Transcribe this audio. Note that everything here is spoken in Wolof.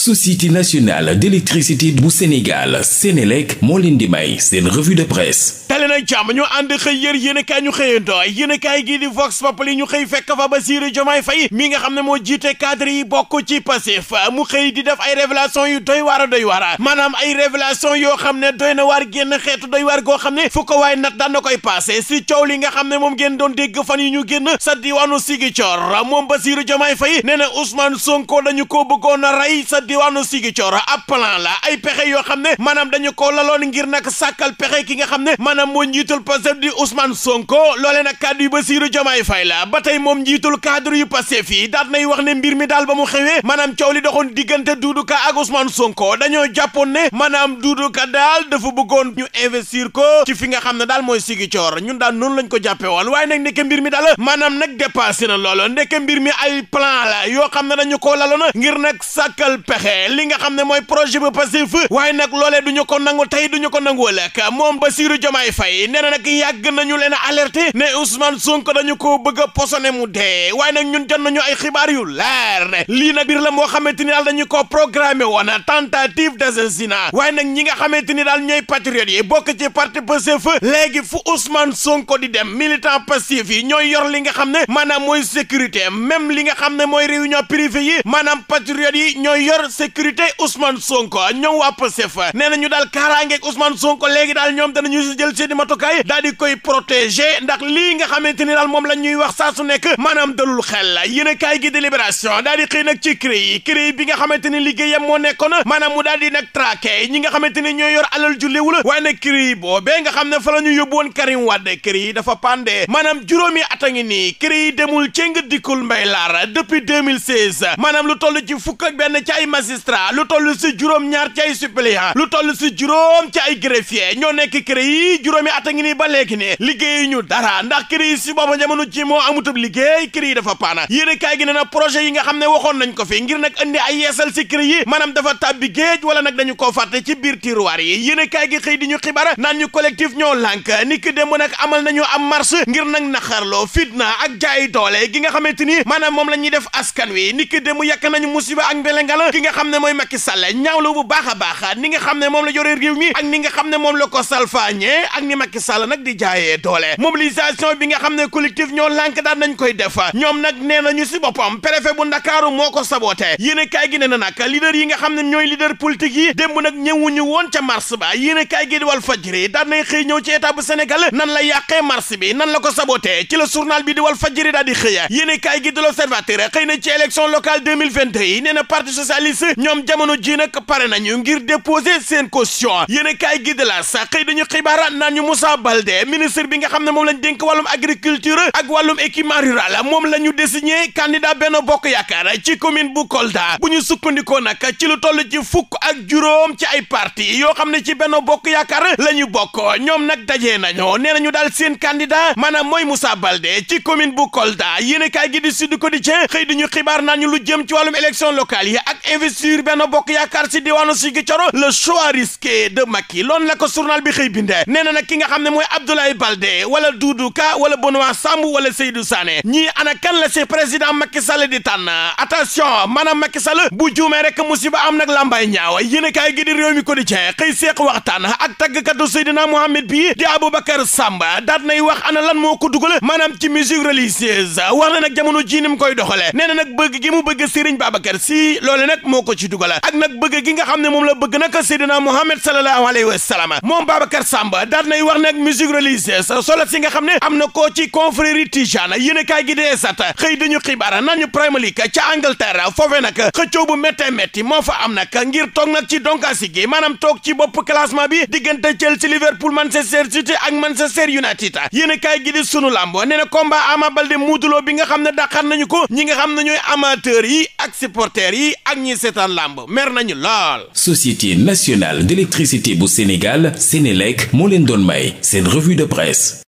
société nationale d'électricité bu Sénégal Sénélec moo leen di may seen revue de presse tali na jàmm ñu ànd xëy yër yéenekaay ñu xëyanto yéenekaay gii di Vox Populi ñu xëy fekk fa Bassirou Diomaye Faye mi nga xam ne moo jiite cadre yi bokk ci Pastef mu xëy di def ay révélation yu doy waar a doy waar maanaam ay révélation yoo xam ne doy na waar génn xeetu doy waar goo xam ne fu ko waaye nat daan na koy passé si coow li nga xam ne moom ngeen doon dégg fan yi ñu génn sa diwaanu Ziguinchor moom Bassirou Diomaye Faye nee na Ousmane Sonko dañu ko bëggoon a diwaanu Ziguinchor ab plan la ay pexe yoo xam ne maanaam dañu ko laloon ngir nag sàkkal pexe ki nga xam ne maanaam moo njiitul Pastef di Ousmane Sonko loolee nag kàddu yu Bassirou Diomaye Faye la ba tey moom njiitul cadre yu Pastef yi daat nay wax ne mbir mi daal ba mu xewee maanaam coow li doxoon diggante Doudou Ka ak Ousmane Sonko dañoo jàppoon ne maanaam Doudou Ka daal dafa bëggoon ñu investir ko ci fi nga xam ne daal mooy Ziguinchor ñun daal noonu lañ ko jàppe woon waaye nag ndeke mbir mi daal maanaam nag dépassé na loolu ndeke mbir mi ay plan la yoo xam ne dañu ko laloon ngir nag naxee li nga xam ne mooy projet bu Pastef waaye nag loolee du ñu ko nangu tey du ñu ko nangu ëllëg moom Bassirou Diomaye fay nee na nag yàgg nañu leen a alerté ne Ousmane Sonko dañu ko bëgg a posone mu dee waaye nag ñun jot nañu ay xibaar yu leer ne lii nag biir la moo xamante ni daal dañu ko programmé woon tentative d'assassinat waaye nag ñi nga xamante ni daal ñooy patriotes yi bokk ci parti Pastef léegi fu Ousmane Sonko di dem militant Pastef yi ñooy yor li nga xam ne maanaam mooy sécurité même li nga xam ne mooy réunion privée yi maanaam patriotes yi ñooy yor sécurité Ousmane Sonko ñoom waa Pastef nee na ñu daal kaaraangeeg Ousmane Sonko léegi daal ñoom danañu si jël seeni matukaay daal di koy protéger ndax lii nga xamante ni daal moom la ñuy wax saa su nekk maanaam dalul xel yéen a kaay gi délibération daal di xëy nag ci CREI CREI bi nga xamante ni liggéeyam moo nekkoon maanaam mu daal di nag traqué ñi nga xamante ni ñooy yor alal ju léwul waaye nag CREI boobee nga xam ne fa la ñu yóbbu woon Karim Wade CREI dafa pande maanaam juróomi at a ngi nii CREI demul cëng dikkul mbay laar depuis 2016 maanaam lu toll ci fukk ak benn ci ay magistrat lu toll si juróom-ñaar ci ay suppléant lu toll si juróom ci ay greffier ñoo nekk CREI yi juróomi at a ngi ba léegi ne ñu dara ndax CREI si booba jamono ci amutub liggéey CREI yi dafa paana yéene kaay gi ne na projet yi nga xam ne waxoon nañ ko fi ngir nag indi ay yeesal si CREI yi dafa tàbbi géej nag dañu koo fàtte ci biir tiroir yi yéene kaay gi xëy di ñu xibaar naan ñu collectif ñoo lànk ni ki démb nag amal nañu am marche ngir nag naxarloo fitna nga xam ne mooy Macky Sall ñaawlu bu baax a baax ni nga xam ne moom la yore réew mi ak ni nga xam ne moom la ko salfaañee ak ni Macky Sall nag di jaayee doole mobilisation bi nga xam ne collectif ñoo lànk daan nañ koy def ñoom nag nee nañu si boppam préfet bu Ndakaaru moo ko saboté yéen kaay gi nee xam ne ñooy leader politique yi démb nag ñëwuñu woon ca mars di Walf Fadjri daan nañ ci état bu nan la yàqee mars bi nan la ko ci la journal bi di Walf Fadjri daal police ñoom jamono ji nag pare nañu ngir déposer seen caution yéen kaay gi de la sax xëy dañu xibaara naan ñu Moussa Baldé ministre bi nga xam ne moom lañ dénk wàllum agriculture ak wàllum équipement rural moom la ñu désigné candidat Benno Bokk Yaakaar ci commune bu Kolda bu ñu sukkandikoo nag ci lu toll ci fukk ak juróom ci ay parti yoo xam ne ci Benno Bokk Yaakaar la ñu bokk ñoom nag dajee nañu nee nañu daal seen candidat maanaam mooy Moussa Baldé ci commune bu Kolda yéen kaay gi di ko Quotidien xëy dañu xibaar naan ñu lu jëm ci wàllum élection locale yi ak investiture benn bokk yaakaar si diwaanu Ziguinchor le choix risqué de Macky loolu la ko journal bi xëy bindee nee na ki nga xam ne mooy Abdoulaye Baldé wala Doudou Ka wala Benoît Sambou wala Seydou Sané ñii ana kan la si président Macky Sall di tànn attention maanaam Macky Sall bu juumee rek musiba am nag lambay ñaaw yéen a kaay gi di réew mi ko di cee xëy seeq waxtaan na tàggkatu Seydina Mohamed bi di Aboubacar Samba daat nay wax ana lan moo ko dugal maanaam ci musique religieuse wax a jamono jii ni mu koy doxalee nee na nag bëgg gi mu bëgg Serigne Babacar si loole moo ko ci dugal ak nag bëgg gi nga xam ne moom la bëgg nag Seydina Mohamed sallallahu alayhi wa sallam moom Babacar Samba daal nay wax nag musique religieuse solo si nga xam ne am na ko ci confrérie tijane yéen a kaay gi dee sat xëy dañu xibaar naan ñu Premier League ca Angleterre foofee nag xëccoo bu méttee moo fa am nag ngir toog nag ci donkaasi gi maanaam toog ci bopp classement bi diggante Chelsea Liverpool Manchester City ak Manchester United yéen a kaay gi di sunu lambo nee na combat bi nga xam ne dàqaat nañu ko ñi nga xam ne ñooy amateurs yi ak supporters yi ak seetaan làmb mer nañu lool. société nationale d'électricité bu Sénégal Sénélec moo leen doon may seen revue de presse.